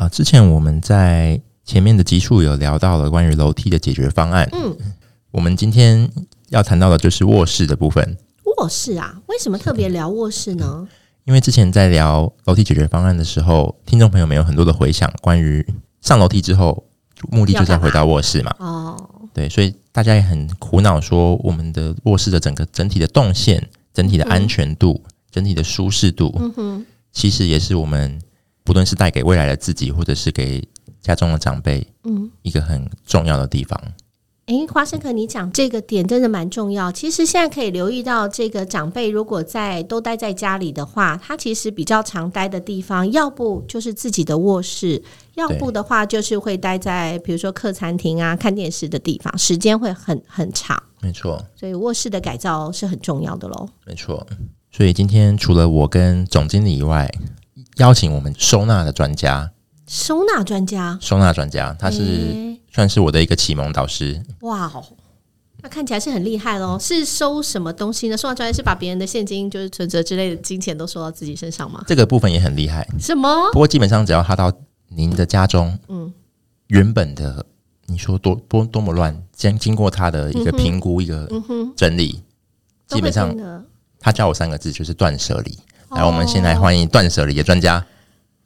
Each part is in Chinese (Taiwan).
啊，之前我們在前面的集數有聊到了關於樓梯的解決方案。嗯，我們今天要談到的就是臥室的部分。臥室啊，為什麼特別聊臥室呢？因為之前在聊樓梯解決方案的時候，聽眾朋友們有很多的回想，關於上樓梯之後，目的就是要回到臥室嘛。哦，對，所以大家也很苦惱，說我們的臥室的整個整體的動線、整體的安全度、嗯、整體的舒適度、嗯哼，其實也是我們。無論是帶給未來的自己，或者是給家中的長輩，嗯，一個很重要的地方。哎、嗯，花生哥，你講這個點真的蠻重要。其實現在可以留意到，這個長輩如果在都待在家裡的話，他其實比較常待的地方，要不就是自己的臥室，要不的話就是會待在比如說客餐廳啊、看電視的地方，時間會很很長。沒錯，所以臥室的改造是很重要的嘍。沒錯，所以今天除了我跟總經理以外。邀請我們收納的專家，收納專家，收納專家，他是、欸、算是我的一個啟蒙導師。哇哦，那看起來是很厲害嘍、嗯。是收什麼東西呢？收納專家是把別人的現金，就是存折之類的金錢都收到自己身上嗎？這個部分也很厲害。什麼？不過基本上只要他到您的家中，嗯，嗯原本的你說多多多麼亂，經經過他的一個評估，一、嗯、個、嗯、整理，基本上他教我三個字就是斷舍離。來，我們先來歡迎斷舍離的專家。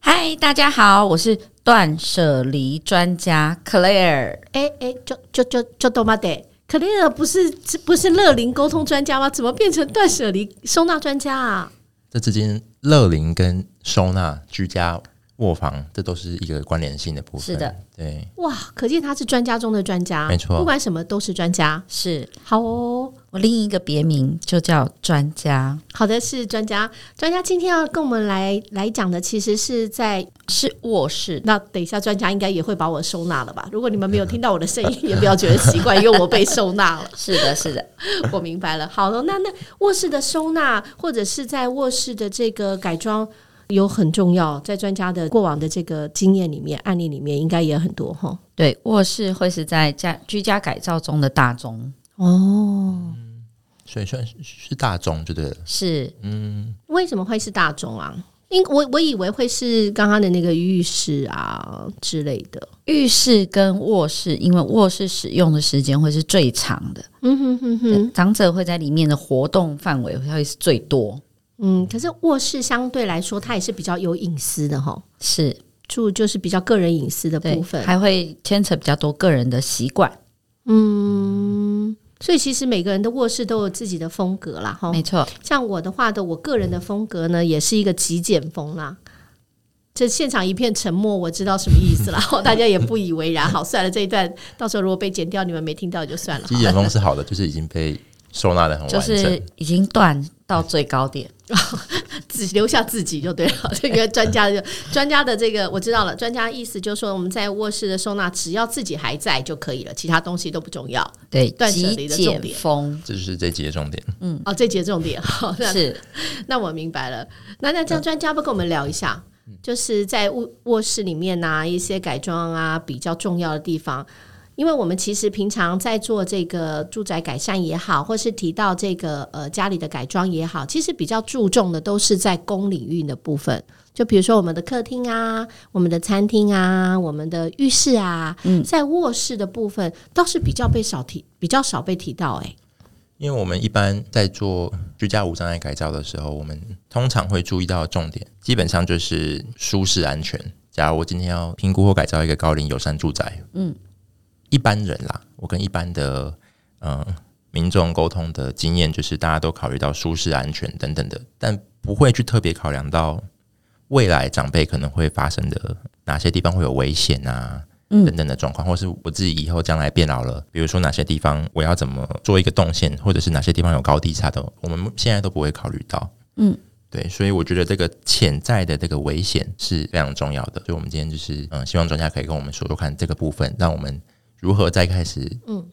嗨、oh.，大家好，我是斷舍離專家 Claire。哎、欸、哎，就就就就多麼 day，Claire 不是不是樂齡溝通專家嗎？怎麼變成斷舍離收納專家啊？這之間樂齡跟收納居家。臥房，這都是一個關聯性的部分。是的，對。哇，可見他是專家中的專家。沒錯，不管什麼都是專家。是好，哦，嗯，我另一個別名就叫專家。好的是，是專家。專家今天要跟我們來來講的，其實是在是臥室。那等一下，專家應該也會把我收納了吧？如果你們沒有聽到我的聲音， 也不要覺得奇怪，因為我被收納了。 是的，是的，我明白了。好的，哦，那那臥室的收納，或者是在臥室的這個改裝。有很重要，在專家的過往的這個經驗裡面，案例裡面應該也很多哈。對，臥室會是在家居家改造中的大宗哦、嗯，所以算是是大宗就對了。是，嗯，為什麼會是大宗啊？因為我我以為會是剛剛的那個浴室，啊之類的，浴室跟臥室，因為臥室使用的時間會是最長的，嗯哼哼哼，長者會在裡面的活動範圍會是最多。嗯，可是臥室相對來說，它也是比較有隱私的哈。是住就是比較個人隱私的部分，對，還會牽扯比較多個人的習慣。嗯，所以其實每個人的臥室都有自己的風格啦，哈。沒錯，像我的話的，我個人的風格呢，也是一個極簡風啦。這現場一片沉默，我知道什麼意思了。 大家也不以為然，好，算了，這一段 到時候如果被剪掉，你們沒聽到就算了。極簡風是好的，就是已經被收納的很完整，就是已經斷到最高點。 哦、只留下自己就對了。這個專家就專家的這個我知道了。專家意思就是說，我們在臥室的收納，只要自己還在就可以了，其他東西都不重要。對，斷捨離的重點，風這就是這幾個重點。嗯，哦，這幾個重點，好，是。那我明白了。那那這樣，專家不跟我們聊一下？就是在臥臥室裡面呢、啊，一些改裝啊，比較重要的地方。因為我們其實平常在做這個住宅改善也好，或是提到這個呃家裡的改裝也好，其實比較注重的都是在公領域的部分。就比如說我們的客廳啊、我們的餐廳啊、我們的浴室啊，在臥室的部分倒是比較被少提，比較少被提到誒、欸，因為我們一般在做居家無障礙改造的時候，我們通常會注意到的重點，基本上就是舒適、安全。假如我今天要評估或改造一個高齡友善住宅，嗯。一般人啦，我跟一般的嗯、呃、民眾溝通的經驗，就是大家都考慮到舒適、安全等等的，但不會去特別考量到未來長輩可能會發生的哪些地方會有危險啊，等等的狀況、嗯，或是我自己以後將來變老了，比如說哪些地方我要怎麼做一個動線，或者是哪些地方有高低差的，我們現在都不會考慮到。嗯，對，所以我覺得這個潛在的這個危險是非常重要的，所以我們今天就是嗯、呃，希望專家可以跟我們說說看這個部分，讓我們。如何再開始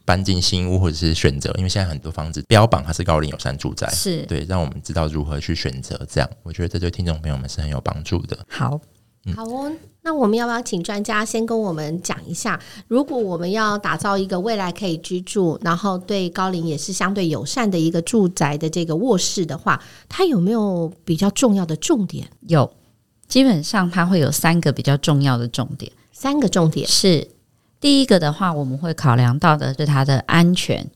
搬進新屋，或者是選擇、嗯，因為現在很多房子標榜它是高齡友善住宅，是對，讓我們知道如何去選擇。這樣，我覺得這對聽眾朋友們是很有幫助的。好、嗯，好哦。那我們要不要請專家先跟我們講一下，如果我們要打造一個未來可以居住，然後對高齡也是相對友善的一個住宅的這個臥室的話，它有沒有比較重要的重點？有，基本上它會有三個比較重要的重點。三個重點是。第一個的話，我們會考量到的是它的安全、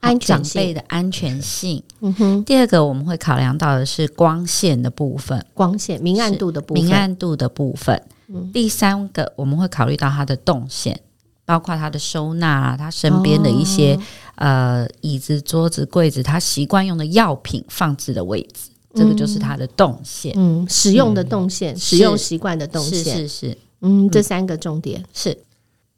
安全性、長輩的安全性。嗯哼。第二個，我們會考量到的是光線的部分，光線明暗度的部分，明暗度的部分。部分嗯、第三個，我們會考慮到它的動線，嗯、包括它的收納、啊，它身邊的一些、哦、呃椅子、桌子、櫃子，他習慣用的藥品放置的位置、嗯，這個就是它的動線。嗯，使用的動線，嗯、使用習慣的動線，是是，是，是，是。嗯，這三個重點、嗯、是。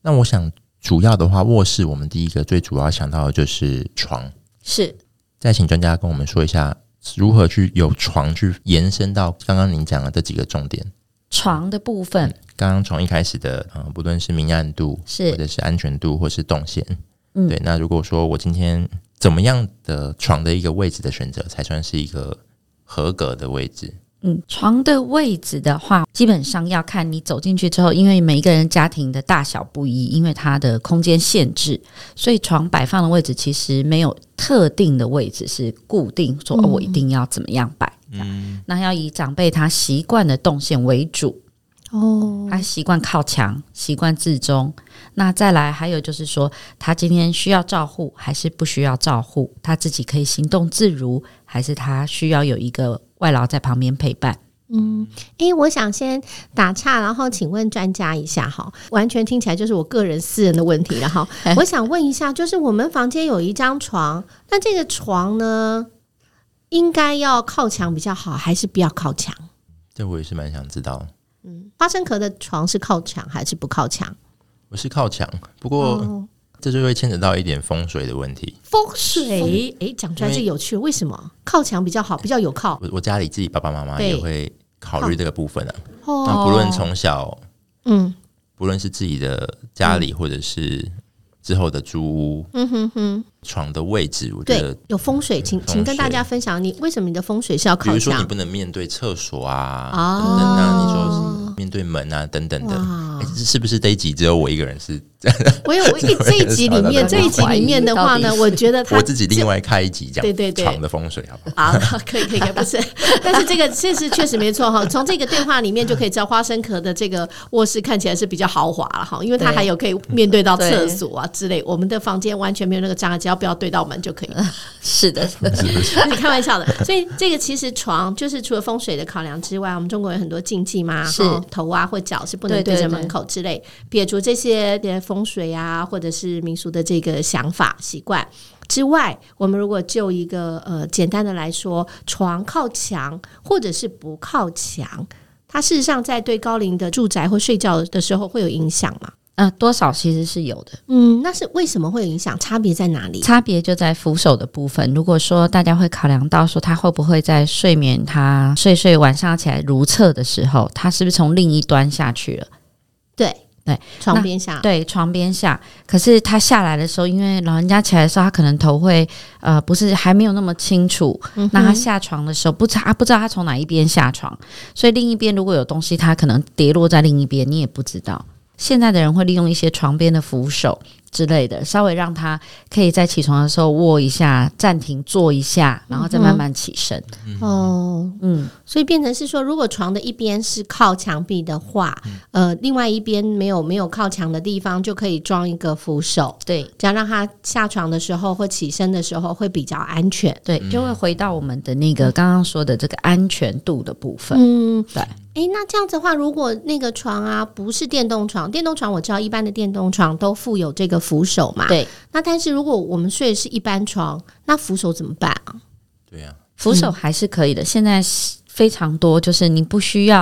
那我想主要的話，臥室我們第一個最主要想到的就是床，是。再請專家跟我們說一下，如何去由床去延伸到剛剛您講的這幾個重點。床的部分，剛剛從一開始的，啊、嗯，不論是明暗度，是或者是安全度，或者是動線，嗯，對。那如果說我今天怎麼樣的床的一個位置的選擇，才算是一個合格的位置？嗯，床的位置的話，基本上要看你走進去之後，因為每一個人家庭的大小不一，因為它的空間限制，所以床擺放的位置其實沒有特定的位置是固定說，說、嗯哦、我一定要怎麼樣擺樣、嗯。那要以長輩他習慣的動線為主。哦，他習慣靠牆，習慣自中。那再來，還有就是說，他今天需要照護還是不需要照護？他自己可以行動自如，還是他需要有一個？外勞在旁邊陪伴，嗯，誒、欸，我想先打岔，然後請問專家一下哈，完全聽起來就是我個人私人的問題，然後我想問一下， 就是我們房間有一張床，那這個床呢，應該要靠牆比較好，還是不要靠牆？嗯、這我也是蠻想知道。嗯，花生殼的床是靠牆還是不靠牆？我是靠牆，不過、哦。這就會牽扯到一點風水的問題。風水，誒、嗯，講出來就有趣，為。為什麼靠牆比較好？比較有靠我。我家裡自己爸爸媽媽也會考慮這個部分啊。那不論從小，嗯、哦，不論是自己的家裡、嗯，或者是之後的租屋，嗯，嗯哼哼。床的位置，我覺得有風，有風水，請請跟大家分享，你為什麼你的風水是要？比如說你不能面對廁所啊，哦、等等啊，那你說是，面對門啊等等的、欸，是不是這一集只有我一個人是？我有，我一有我一我一這一集裡面，這一集裡面的話呢，我覺得他我自己另外開一集講，對對對，床的風水好不好？啊，可以，可以可以，不是， 但是這個確實確實沒錯哈。從這個對話裡面就可以知道，花生殼的這個臥室看起來是比較豪華了哈，因為他還有可以面對到廁所啊之類，我們的房間完全沒有那個雜交。不要對到門就可以了。是的， 的是 你開玩笑的。所以這個其實床就是除了風水的考量之外，我們中國有很多禁忌嘛，是、哦、頭啊或腳是不能對着門口之類。撇除這些風水啊，或者是民俗的這個想法習慣之外，我們如果就一個呃簡單的來說，床靠牆或者是不靠牆，它事實上在對高齡的住宅或睡覺的時候會有影響嗎？啊、呃，多少其實是有的。嗯，那是為什麼會影響？差別在哪裡？差別就在扶手的部分。如果說大家會考量到說，他會不會在睡眠，他睡睡晚上起來如廁的時候，他是不是從另一端下去了？對對，床邊下對床邊下。可是他下來的時候，因為老人家起來的時候，他可能頭會呃，不是還沒有那麼清楚。嗯、那他下床的時候，不他、啊、不知道他從哪一邊下床，所以另一邊如果有東西，他可能跌落在另一邊，你也不知道。現在的人會利用一些床邊的扶手之類的，稍微讓他可以在起床的時候握一下，暫停坐一下，然後再慢慢起身。嗯、哦，嗯，所以變成是說，如果床的一邊是靠牆壁的話，呃，另外一邊沒有沒有靠牆的地方，就可以裝一個扶手，對，這樣讓他下床的時候或起身的時候會比較安全，嗯。對，就會回到我們的那個剛剛說的這個安全度的部分。嗯，對。誒、欸，那這樣子的話，如果那個床啊不是電動床，電動床我知道一般的電動床都附有這個扶手嘛。對。那但是如果我們睡的是一般床，那扶手怎麼辦啊？對呀、啊，扶手還是可以的、嗯。現在非常多，就是你不需要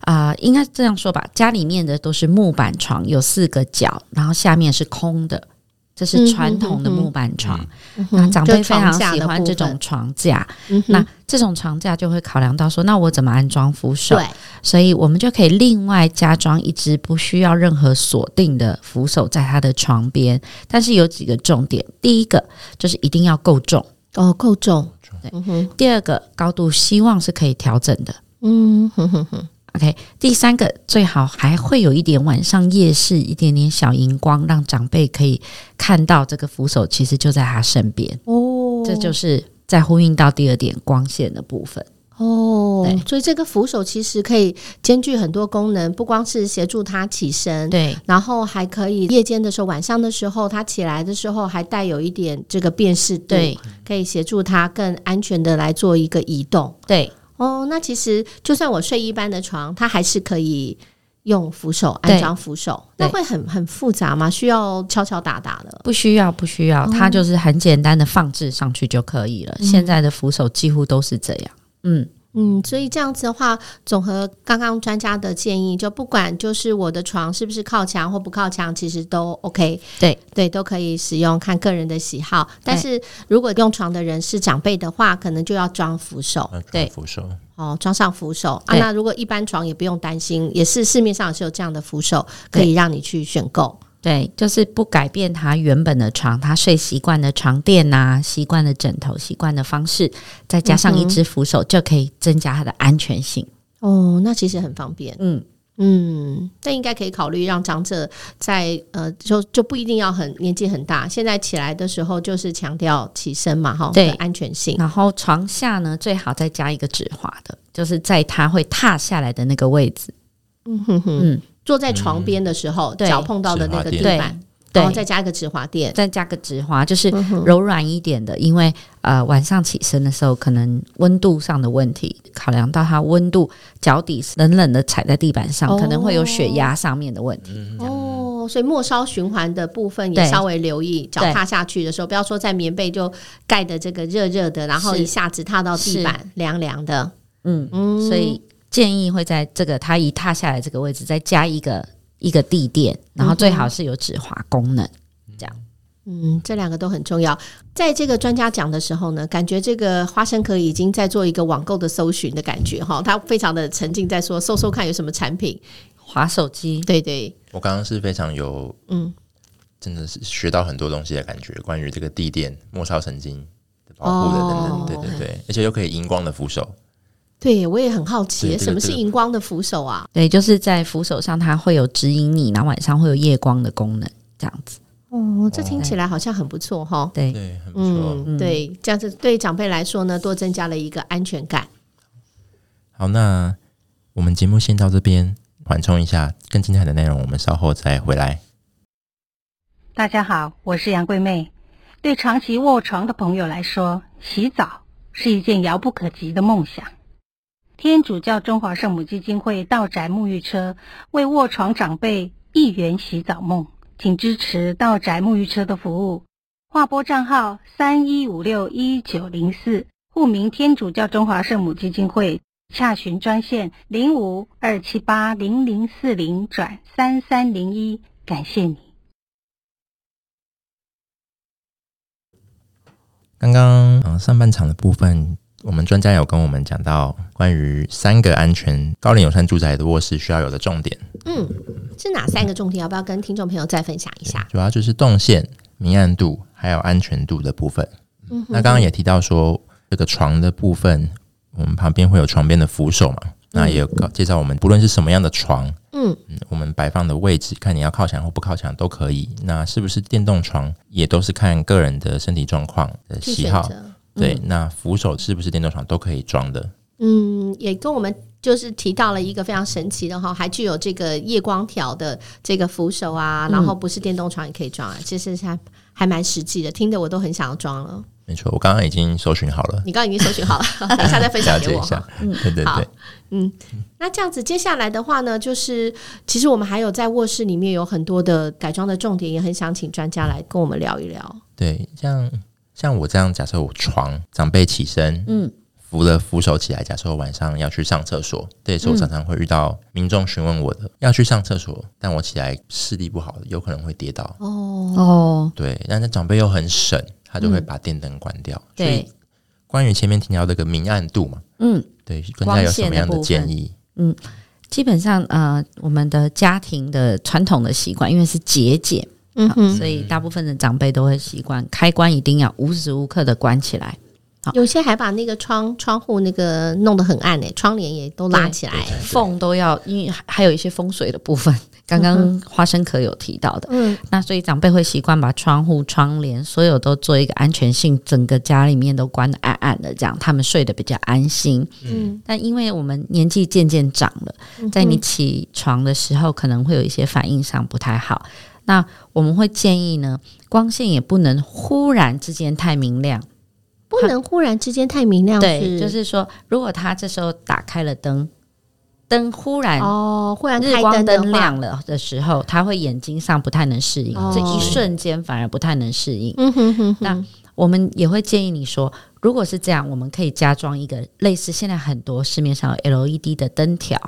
啊、呃，應該這樣說吧。家裡面的都是木板床，有四個角，然後下面是空的。這是傳統的木板床，嗯哼哼,那長輩非常喜歡這種床架。嗯，床架，那這種床架就會考量到說，那我怎麼安裝扶手？對，所以我們就可以另外加裝一隻不需要任何鎖定的扶手，在他的床邊。但是有幾個重點，第一個就是一定要夠重哦，夠重。對，第二個高度希望是可以調整的。嗯哼哼哼。OK，第三個最好還會有一點晚上夜視，一點點小熒光，讓長輩可以看到這個扶手其實就在他身邊哦。這就是在呼應到第二點光線的部分哦。對，所以這個扶手其實可以兼具很多功能，不光是協助他起身，對，然後還可以夜間的時候、晚上的時候，他起來的時候還帶有一點這個辨識度，對，可以協助他更安全地來做一個移動，對。哦，那其實就算我睡一般的床，它還是可以用扶手，安裝扶手，那會很很複雜嗎？需要敲敲打打的？不需要，不需要，它就是很簡單的放置上去就可以了。嗯，現在的扶手幾乎都是這樣，嗯。嗯，所以這樣子的話，綜合剛剛專家的建議，就不管就是我的床是不是靠牆或不靠牆，其實都 OK 對。對對，都可以使用，看個人的喜好。但是如果用床的人是長輩的話，可能就要裝扶手。對，啊、扶手。哦，裝上扶手啊。那如果一般床也不用擔心，也是市面上是有這樣的扶手，可以讓你去選購。對，就是不改變他原本的床，他睡習慣的床墊吶、啊，習慣的枕頭，習慣的方式，再加上一隻扶手，就可以增加他的安全性。嗯、哦，那其實很方便。嗯嗯，那應該可以考慮讓長者在呃，就就不一定要很年紀很大，現在起來的時候就是強調起身嘛，哈，對安全性。然後床下呢，最好再加一個止滑的，就是在它會踏下來的那個位置。嗯哼哼。嗯坐在床邊的時候，嗯、腳碰到的那個地板，然後再加一個止滑墊，再加個止滑，就是柔軟一點的，嗯、因為呃晚上起身的時候，可能溫度上的問題，考量到它溫度，腳底冷冷的踩在地板上，哦，可能會有血壓上面的問題哦。哦，所以末梢循環的部分也稍微留意，腳踏下去的時候，不要說在棉被就蓋的這個熱熱的，然後一下子踏到地板涼涼的，嗯嗯，所以。建議會在這個它一踏下來這個位置再加一個一個地墊，然後最好是有止滑功能、嗯，這樣。嗯，這兩個都很重要。在這個專家講的時候呢，感覺這個花生殼已經在做一個網購的搜尋的感覺哈、哦，他非常的沉浸在說，搜搜看有什麼產品滑手機。對對，我剛剛是非常有嗯，真的是學到很多東西的感覺。嗯、關於這個地墊，末梢神經的保護的等等、哦，對對對、okay，而且又可以熒光的扶手。對，我也很好奇對對對對，什麼是熒光的扶手啊？對，就是在扶手上，它會有指引你，然後晚上會有夜光的功能，這樣子。哦，這聽起來好像很不錯哈、哦。對對，對，很不錯、嗯。對，這樣子對長輩來說呢，多增加了一個安全感、嗯。好，那我們節目先到這邊，緩衝一下更精彩的內容，我們稍後再回來。大家好，我是楊桂妹。對長期臥床的朋友來說，洗澡是一件遙不可及的夢想。天主教中華聖母基金會到宅沐浴車為臥床長輩一圓洗澡夢，請支持到宅沐浴車的服務。劃撥賬號三一五六一九零四，戶名天主教中華聖母基金會。洽詢專線零五二七八零零四零轉三三零一，感謝你。剛剛，啊，上半場的部分。我們專家有跟我們講到關於三個安全高齡友善住宅的臥室需要有的重點。嗯，是哪三個重點？要不要跟聽眾朋友再分享一下？主要就是動線、明暗度還有安全度的部分。嗯，那剛剛也提到說，這個床的部分，我們旁邊會有床邊的扶手嘛？嗯，那也有介紹我們不論是什麼樣的床，嗯，我們擺放的位置，看你要靠牆或不靠牆都可以。那是不是電動床也都是看個人的身體狀況的喜好？對，那扶手是不是電動床都可以裝的？嗯，也跟我們就是提到了一個非常神奇的哈，還具有這個夜光條的這個扶手啊，嗯，然後不是電動床也可以裝啊，其實還還蠻實際的。聽得我都很想要裝了。沒錯，我剛剛已經搜尋好了。你剛剛已經搜尋好了， 等一下再分享給我一下。嗯對對對，對。嗯，那這樣子接下來的話呢，就是其實我們還有在臥室裡面有很多的改裝的重點，也很想請專家來跟我們聊一聊。對，這樣。像我這樣，假設我床長輩起身，嗯，扶了扶手起來。假設我晚上要去上廁所，對、嗯，這也是我常常會遇到民眾詢問我的、嗯、要去上廁所，但我起來視力不好，有可能會跌倒。哦對，但是長輩又很省，他就會把電燈關掉、嗯所以。對，關於前面提到這個明暗度嘛，嗯，對，專家有什麼樣的建議？嗯，基本上呃，我們的家庭的傳統的習慣，因為是節儉。嗯，所以大部分的長輩都會習慣開關一定要無時無刻的關起來。好，有些還把那個窗窗戶那個弄得很暗誒、欸，窗簾也都拉起來，縫都要，因為還有一些風水的部分。剛剛花生殼有提到的，嗯，那所以長輩會習慣把窗戶、窗簾所有都做一個安全性，整個家裡面都關得暗暗的，這樣他們睡得比較安心。嗯，但因為我們年紀漸漸長了，在你起床的時候可能會有一些反應上不太好。那我們會建議呢，光線也不能忽然之間太明亮，不能忽然之間太明亮。對，就是說，如果他這時候打開了燈，燈忽然哦，忽然日光燈亮了的時候，他、哦、會眼睛上不太能適應、哦，這一瞬間反而不太能適應。嗯哼，哼哼。那我們也會建議你說，如果是這樣，我們可以加裝一個類似現在很多市面上的 LED 的燈條。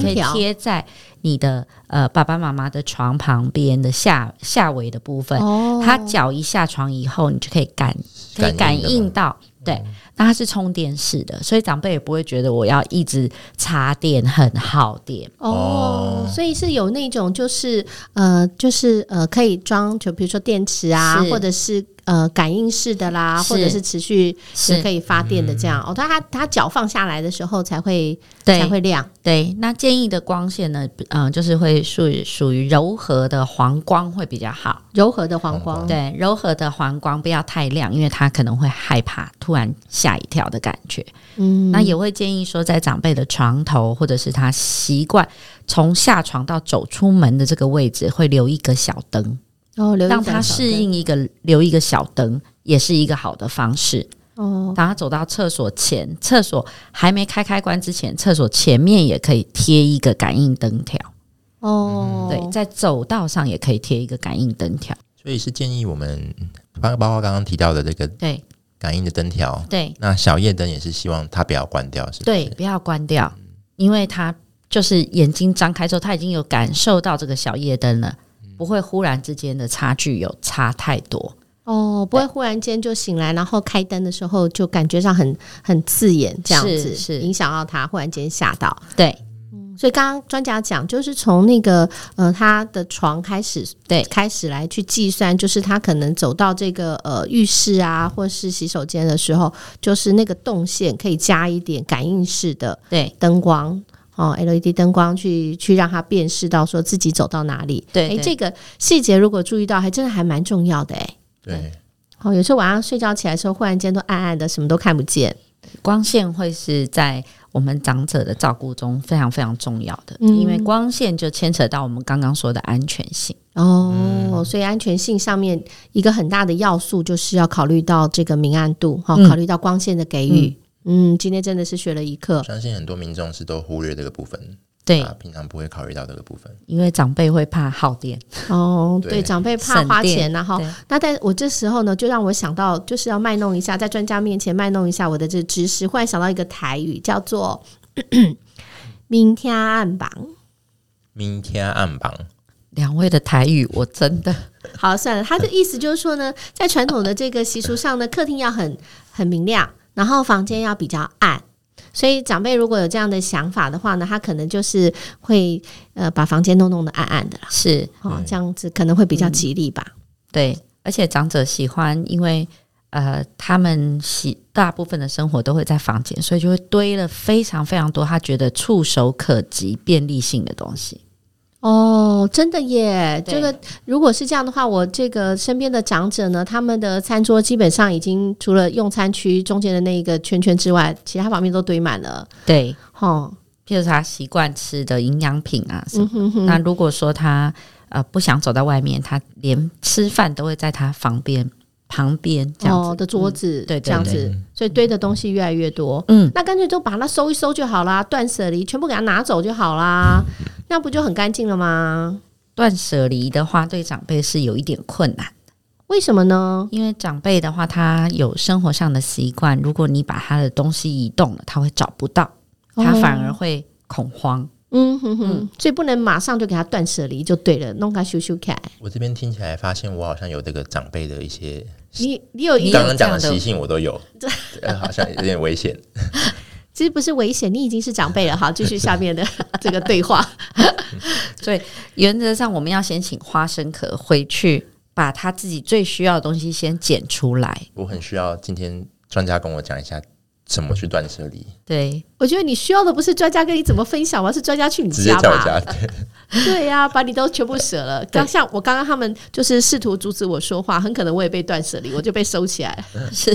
可以貼在你的呃爸爸媽媽的床旁邊的下下尾的部分，哦、他腳一下床以後，你就可以感可以感應到，對。那它是充電式的，所以長輩也不會覺得我要一直插電很耗電哦。哦，所以是有那種就是呃就是呃可以裝，就比如說電池啊，或者是。呃，感應式的啦，或者是持續是可以發電的這樣。哦，他他他腳放下來的時候才會對，才會亮。對，那建議的光線呢？嗯、呃，就是會屬於屬於柔和的黃光會比較好，柔和的黃光，黃光。對，柔和的黃光不要太亮，因為他可能會害怕突然嚇一跳的感覺。嗯，那也會建議說，在長輩的床頭，或者是他習慣從下床到走出門的這個位置，會留一個小燈。哦，讓他適應一個留一個小燈，也是一個好的方式。哦，當他走到廁所前，廁所還沒開開關之前，廁所前面也可以貼一個感應燈條。哦，對，在走道上也可以貼一個感應燈條。嗯，所以是建議我們包包括剛剛提到的這個對感應的燈條對。對，那小夜燈也是希望他不要關掉，是不是？對，不要關掉，嗯，因為他就是眼睛張開之後，他已經有感受到這個小夜燈了。不會忽然之間的差距有差太多哦，不會忽然間就醒來，然後開燈的時候就感覺上很很刺眼這樣子，是，是影響到他忽然間嚇到。對，嗯，所以剛剛專家講，就是從那個呃他的床開始，對、呃，開始來去計算，就是他可能走到這個呃浴室啊，或是洗手間的時候，就是那個動線可以加一點感應式的對燈光。哦，LED 燈光去去讓它辨識到說自己走到哪裡。對，對，對、欸，這個細節如果注意到，還真的還蠻重要的誒、欸，對。哦，有時候晚上睡覺起來的時候，忽然間都暗暗的，什麼都看不見，光線會是在我們長者的照顧中非常非常重要的，嗯、因為光線就牽扯到我們剛剛說的安全性。哦、嗯，所以安全性上面一個很大的要素就是要考慮到這個明暗度，哈，考慮到光線的給予。嗯嗯嗯，今天真的是學了一課。相信很多民眾是都忽略這個部分，對，啊、平常不會考慮到這個部分，因為長輩會怕耗電哦。對，長輩怕花錢，啊，然後那在我這時候呢，就讓我想到就是要賣弄一下，在專家面前賣弄一下我的這知識。忽然想到一個台語，叫做“明天暗房”。明天暗房，兩位的台語我真的 好算了。他的意思就是說呢，在傳統的這個習俗上呢， 客廳要很很明亮。然後房間要比較暗，所以長輩如果有這樣的想法的話呢，他可能就是會呃把房間弄弄得暗暗的啦。是哦，這樣子可能會比較吉利吧。嗯，對，而且長者喜歡，因為呃他們喜大部分的生活都會在房間，所以就會堆了非常非常多，他覺得觸手可及、便利性的東西。哦，真的耶！這個如果是這樣的話，我這個身邊的長者呢，他們的餐桌基本上已經除了用餐區中間的那一個圈圈之外，其他方面都堆滿了。對，哦，就是他習慣吃的營養品啊什麼、嗯哼哼。那如果說他呃不想走到外面，他連吃飯都會在他旁邊旁邊這樣子、哦、的桌子，嗯、對，對，對，這樣子，所以堆的東西越來越多。嗯，那乾脆就把它收一收就好啦，斷捨離，全部給他拿走就好啦。嗯那不就很乾淨了嗎？斷捨離的話，對長輩是有一點困難，為什麼呢？因為長輩的話，他有生活上的習慣。如果你把他的東西移動了，他會找不到，哦、他反而會恐慌。嗯哼哼、嗯嗯嗯，所以不能馬上就給他斷捨離，就對了，弄他修修看。我這邊聽起來發現，我好像有這個長輩的一些，你你有你剛剛講的習性，我都有、嗯，好像有點危險。 其實不是危險，你已經是長輩了哈。繼續下面的這個對話， 所以原則上我們要先請花生殼回去，把他自己最需要的東西先撿出來。我很需要，今天專家跟我講一下。怎麼去斷捨離？對我覺得你需要的不是專家跟你怎麼分享，而是專家去你家吧？對呀、 啊，把你都全部捨了。剛像我剛剛他們就是試圖阻止我說話，很可能我也被斷捨離，我就被收起來。嗯、是，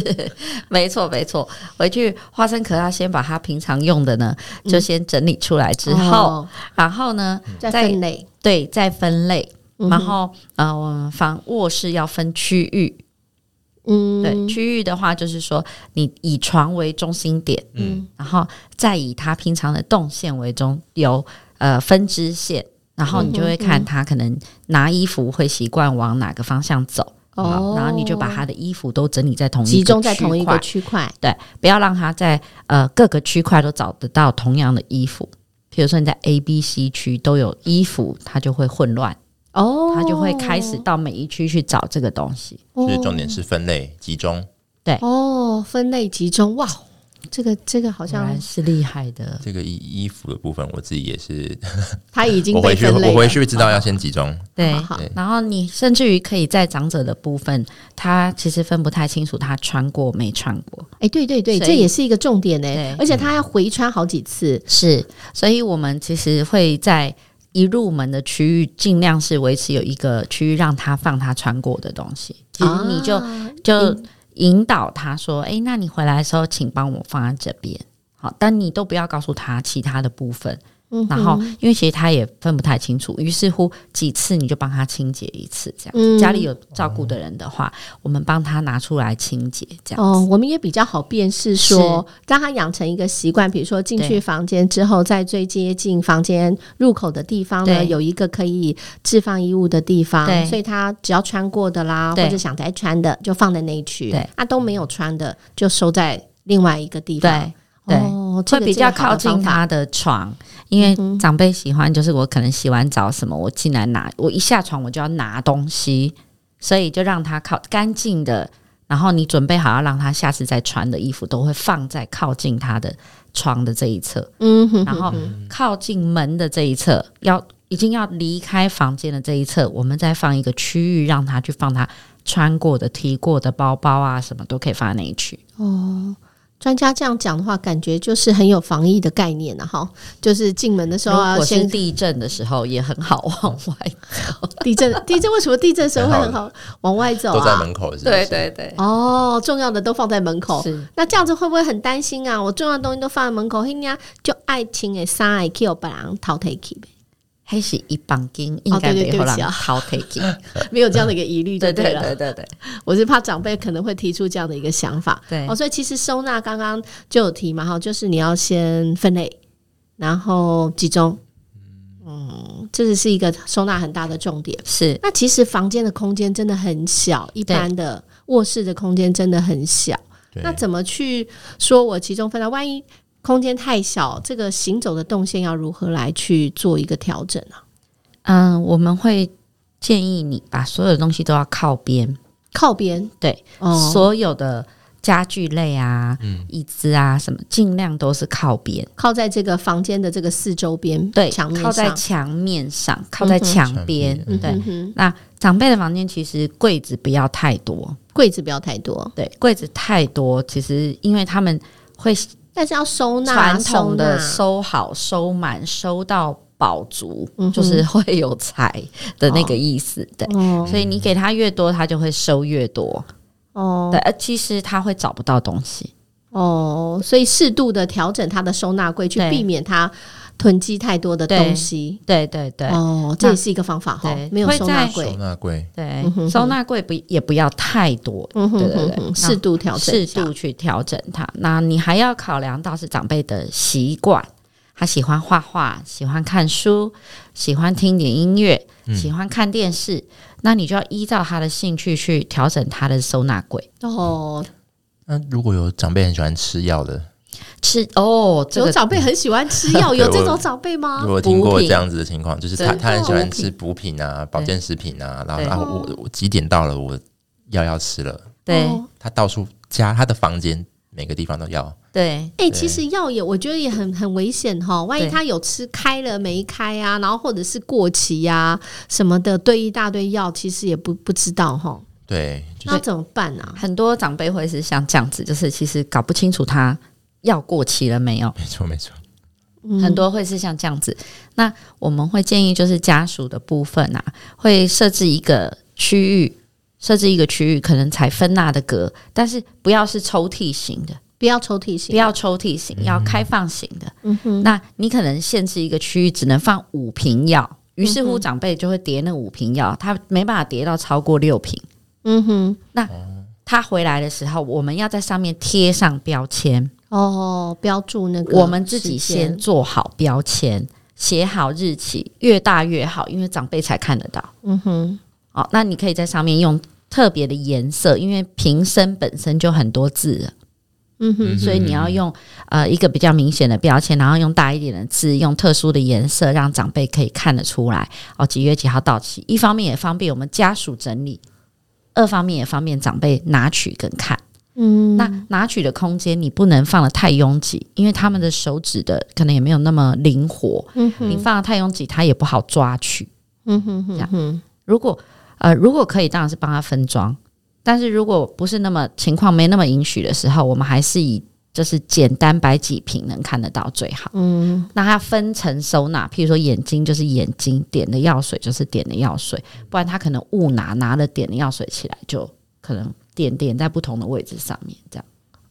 沒錯沒錯。回去花生殼要先把它平常用的呢，就先整理出來之後，嗯哦、然後呢、嗯、再，再分類。對，再分類。然後嗯，呃、我房臥室要分區域。嗯，對，區域的話，就是說你以床為中心點，嗯，然後再以他平常的動線為中，有，呃，分支線，然後你就會看他可能拿衣服會習慣往哪個方向走，嗯好好，哦，然後你就把他的衣服都整理在同一個，集中在同一個區塊，對，不要讓他在呃各個區塊都找得到同樣的衣服，比如說你在 A、B、C 區都有衣服，他就會混亂。哦、oh，他就會開始到每一區去找這個東西。Oh. 所以重點是分類集中，對。哦、oh，分類集中，哇，這個這個好像是厲害的。這個衣衣服的部分，我自己也是。他已經我回去，我回去知道要先集中。Oh. 對，好好對。然後你甚至於可以在長者的部分，他其實分不太清楚他穿過沒穿過。誒、欸，對對對，這也是一個重點呢。而且他要回穿好幾次。嗯、是。所以我們其實會在。一入門的區域，盡量是維持有一個區域讓他放他穿過的東西，其實你就、哦、就引，引導他說：“哎、欸，那你回來的時候，請幫我放在這邊。”好，但你都不要告訴他其他的部分。嗯、然後，因為其實他也分不太清楚，於是乎幾次你就幫他清潔一次，這樣、嗯。家裡有照顧的人的話，嗯、我們幫他拿出來清潔，這樣。哦，我們也比較好辨識說，說當他養成一個習慣，比如說進去房間之後，在最接近房間入口的地方呢，有一個可以置放衣物的地方，對，所以他只要穿過的啦，或者想再穿的，就放在那一區。對、啊。都沒有穿的，就收在另外一個地方。對。對哦、這個這個，會比較靠近他的床。因為長輩喜歡，就是我可能洗完澡什麼，我進來拿，我一下床我就要拿東西，所以就讓他靠乾淨的。然後你準備好要讓他下次再穿的衣服，都會放在靠近他的床的這一側。嗯哼哼哼，然後靠近門的這一側，要已經要離開房間的這一側，我們再放一個區域，讓他去放他穿過的、提過的包包啊，什麼都可以放在那一區。哦。專家這樣講的話，感覺就是很有防疫的概念吶、啊，哈，就是進門的時候要先。地震的時候也很好往外走。 地震，地震為什麼地震的時候會很好，很好往外走，啊、都在門口是不是，對對對。哦，重要的都放在門口，是那這樣子會不會很擔心啊？我重要的東西都放在門口，會會啊、門口人家就愛情的殺愛 k 把 l 不淘汰 k 還是一綁斤、哦，應該沒有啦。好，可以，啊， 沒有這樣的一個疑慮，對對對對對，我是怕長輩可能會提出這樣的一個想法。對，對，對，對。哦，所以其實收納剛剛就有提嘛，哈，就是你要先分類，然後集中。嗯，這是一個收納很大的重點。是，那其實房間的空間真的很小，一般的臥室的空間真的很小。那怎麼去說我集中分到萬一？空間太小，這個行走的動線要如何來去做一個調整呢、啊？嗯、呃，我們會建議你把所有的東西都要靠邊，靠邊對、哦，所有的家具類啊，嗯、椅子啊什麼，盡量都是靠邊，靠在這個房間的這個四周邊，對，靠在牆面上，靠在牆邊、嗯，對。那長輩的房間其實櫃子不要太多，櫃子不要太多，對，櫃子太多其實因為他們會。但是要收納、啊，傳統的收好、收滿、收到飽足，嗯，就是會有財的那個意思的、哦哦。所以你給他越多，他就會收越多。哦，對，而其實他會找不到東西。哦，所以適度的調整他的收納櫃，去避免他。囤積太多的東西，對對、對對，哦，這也是一個方法哈，沒有收納櫃。收納櫃，對，嗯、哼哼收納櫃不也不要太多，嗯、哼哼哼對、嗯哼哼哼，適度調整，適度去調整它。那你還要考量到是長輩的習慣，他喜歡畫畫，喜歡看書，喜歡聽點音樂，嗯、喜歡看電視，那你就要依照他的興趣去調整他的收納櫃。嗯、哦、嗯，那如果有長輩很喜歡吃藥的。吃哦、這個，有長輩很喜歡吃藥，有這種長輩嗎我？我聽過這樣子的情況，就是他他很喜歡吃補品啊、保健食品啊。然後，然後我我幾點到了，我藥要，要吃了。對、哦、他到處加，他的房間每個地方都要。對，誒、欸，其實藥也我覺得也很很危險哈。萬一他有吃開了沒開啊，然後或者是過期呀、啊、什麼的，對一大堆藥，其實也不不知道哈。對、就是，那怎麼辦呢、啊？很多長輩會是像這樣子，就是其實搞不清楚他。藥過期了沒有？沒錯，沒錯，很多會是像這樣子。那我們會建議，就是家屬的部分啊，會設置一個區域，設置一個區域，可能才分納的格，但是不要是抽屜型的、嗯，不要抽屜型，不要抽屜型，要開放型的。嗯哼，那你可能限制一個區域只能放五瓶藥，於是乎長輩就會疊那五瓶藥，他沒辦法疊到超過六瓶。嗯哼，那他回來的時候，我們要在上面貼上標籤。哦，標注那個，我們自己先做好標籤，寫好日期，越大越好，因為長輩才看得到。嗯哼，好，那你可以在上面用特別的顏色，因為瓶身本身就很多字了。嗯哼，所以你要用呃一個比較明顯的標籤，然後用大一點的字，用特殊的顏色，讓長輩可以看得出來哦，幾月幾號到期。一方面也方便我們家屬整理，二方面也方便長輩拿取跟看。嗯，那拿取的空間你不能放得太擁擠，因為他們的手指的可能也沒有那麼靈活。嗯，你放得太擁擠，他也不好抓取。嗯哼哼，這樣。嗯、哼哼如果，呃，如果可以，當然是幫他分裝。但是如果不是那麼情況沒那麼允許的時候，我們還是以就是簡單擺幾瓶能看得到最好。嗯，那他分層收納，譬如說眼睛就是眼睛，點的藥水就是點的藥水，不然他可能誤拿，拿了點的藥水起來就可能，點點在不同的位置上面，這樣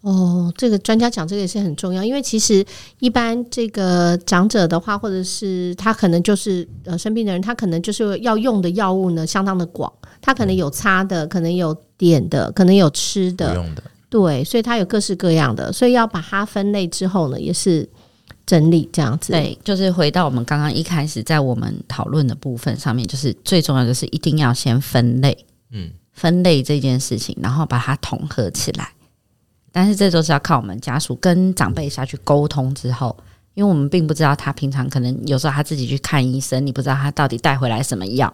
哦。這個專家講這個也是很重要，因為其實一般這個長者的話，或者是他可能就是呃生病的人，他可能就是要用的藥物呢相當的廣，他可能有擦的、哦，可能有點的，可能有吃的，用的對，所以他有各式各樣的，所以要把它分類之後呢，也是整理這樣子。對，就是回到我們剛剛一開始在我們討論的部分上面，就是最重要的是一定要先分類。嗯。分類這件事情，然後把它統合起來，但是這都是要靠我們家屬跟長輩下去溝通之後，因為我們並不知道他平常可能有時候他自己去看醫生，你不知道他到底帶回來什麼藥，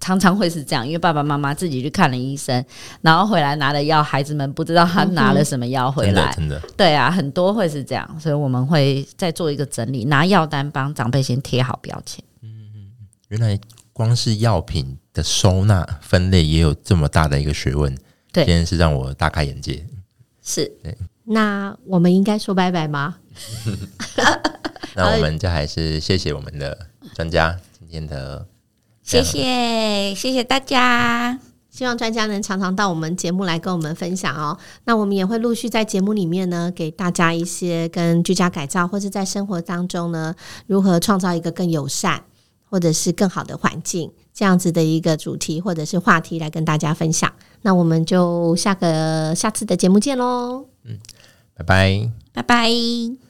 常常會是這樣，因為爸爸媽媽自己去看了醫生，然後回來拿了藥，孩子們不知道他拿了什麼藥回來，對啊，很多會是這樣，所以我們會再做一個整理，拿藥單幫長輩先貼好標籤。嗯嗯嗯，原來。光是藥品的收納分類也有這麼大的一個學問。對，今天是讓我大開眼界。是，對，那我們應該說拜拜嗎？ 那我們就還是謝謝我們的專家今天的，謝謝謝謝大家、嗯。希望專家能常常到我們節目來跟我們分享哦。那我們也會陸續在節目裡面呢，給大家一些跟居家改造或是在生活當中呢，如何創造一個更友善。或者是更好的環境，這樣子的一個主題或者是話題來跟大家分享。那我們就下個下次的節目見嘍。嗯，拜拜，拜拜。